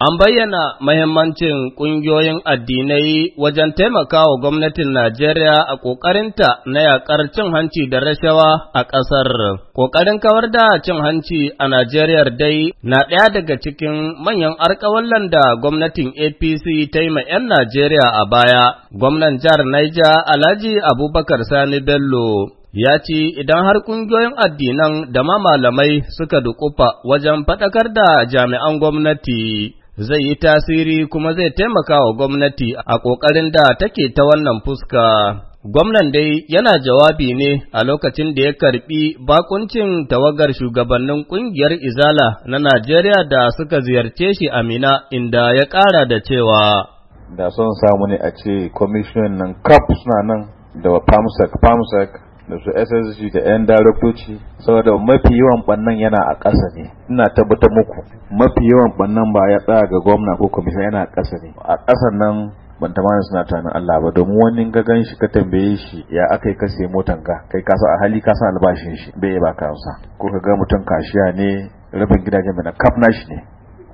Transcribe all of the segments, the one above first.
An bayyana mahimmancin ƙungiyoyin addinai wajen taimakawa gwamnatin Najeriya a ƙoƙarinta na yaƙar cin hanci da rashawa a ƙasar. Ƙoƙarin kawar da cin hanci a Najeriya dai na ɗaya daga cikin manyan alƙawallan da gwamnatin APC ta yi ma 'yan Najeriya a baya. Gwamnan jihar Naija Alhaji Abubakar Sani Bello ya ce idan har ƙungiyoyin addinan da ma malamai suka dukufa wajen faɗakar da jami'an gwamnati zai yi tasiri kuma zai taimaka wa gwamnati a ƙoƙarin da take ta wannan fuska. Gwamnan dai yana jawabi ne a lokacin da ya karbi bakuncin tawagar shugabannin ƙungiyar Izala na Najeriya da suka ziyarce shi Amina inda ya ƙara da cewa. Da son samu ne a ce kwamishinan nan kaf suna nan da famsak famsak da su SSG da 'yan daraktoci saboda mafi yawan bannan yana a ƙasa ne ina tabbatar muku mafi yawan bannan ba ya tsaya ga gwamna ko kwamishin yana a ƙasa ne a ƙasan nan ban mana suna tunanin Allah ba domin wani ka gan shi ka tambaye shi ya aka yi sai motan ka kai kasa a hali kasa albashin shi bai ba ka hausa ko ka ga mutum kashiya ne rabin gidajen mai na kaf nashi ne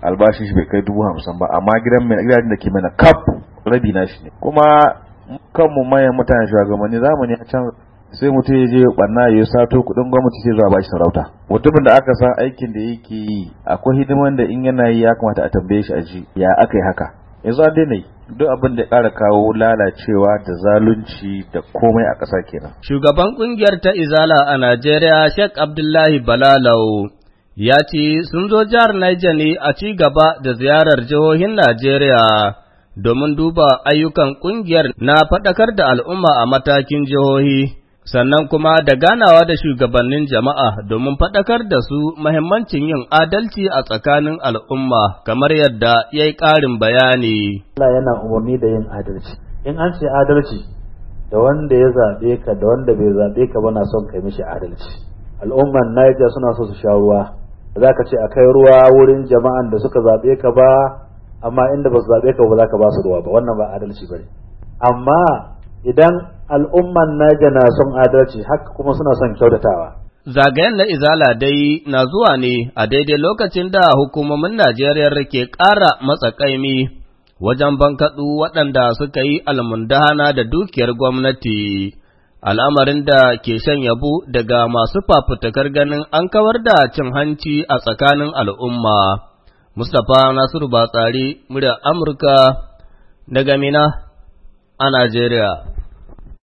albashin shi bai kai dubu hamsin ba amma gidan mai gidajen da ke mai na kaf rabi nashi ne kuma kanmu mayan mutane shugabanni zamani a can sai mutum ya je ɓanna ya sato kuɗin gwamnati sai zuwa bashi sarauta mutumin da aka san aikin da yake yi akwai hidiman da in yana yi ya kamata a tambaye shi a ji ya aka yi haka yanzu an daina duk abin da ƙara kawo lalacewa da zalunci da komai a ƙasa kenan. Shugaban ƙungiyar ta Izala a Najeriya Sheikh Abdullahi Balalau ya ce sun zo jihar Niger ne a ci gaba da ziyarar jihohin Najeriya domin duba ayyukan ƙungiyar na faɗakar da al'umma a matakin jihohi. sannan kuma da ganawa da shugabannin jama'a domin faɗakar da su mahimmancin yin adalci a tsakanin al'umma kamar yadda ya yi ƙarin bayani. Allah yana umarni da yin adalci. In an ce adalci, da wanda ya zaɓe ka da wanda bai zaɓe ka ba na son kai mishi adalci. Al'umman Niger suna so su sha ruwa. Za ka ce a kai ruwa wurin jama'an da suka zaɓe ka ba, amma inda ba su zaɓe ka ba za ka ba su ruwa ba, wannan ba adalci ba ne. Amma idan al'umman naja na son adalci haka kuma suna son kyautatawa Zagayen na Izala dai na zuwa ne a daidai lokacin da hukumomin Najeriya ke ƙara matsakaimi wajen bankaɗu waɗanda suka yi almundahana da dukiyar gwamnati, al'amarin da ke shan yabo daga masu fafutukar ganin an kawar da cin hanci a tsakanin al'umma. Mustapha Nasiru Batsari, murya Amurka, daga Mina a Najeriya.